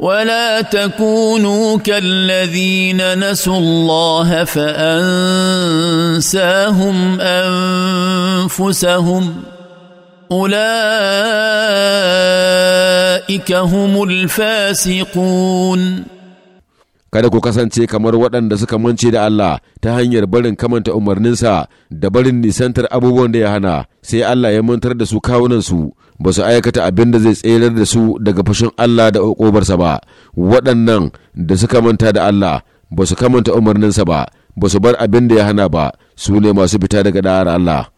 ولا تكونوا كالذين نسوا الله فانساهم انفسهم اولئك هم الفاسقون kada ku kasance kamar waɗanda suka mance da Allah ta hanyar barin kamanta umarninsa da barin nisantar abubuwan da ya hana sai Allah ya mantar da su kawunansu ba su aikata abin da zai tserar da su daga fushin Allah da ƙobarsa ba waɗannan da suka manta da Allah ba su kamanta umarninsa ba ba su bar abin da ya hana ba su ne masu fita daga da'ar Allah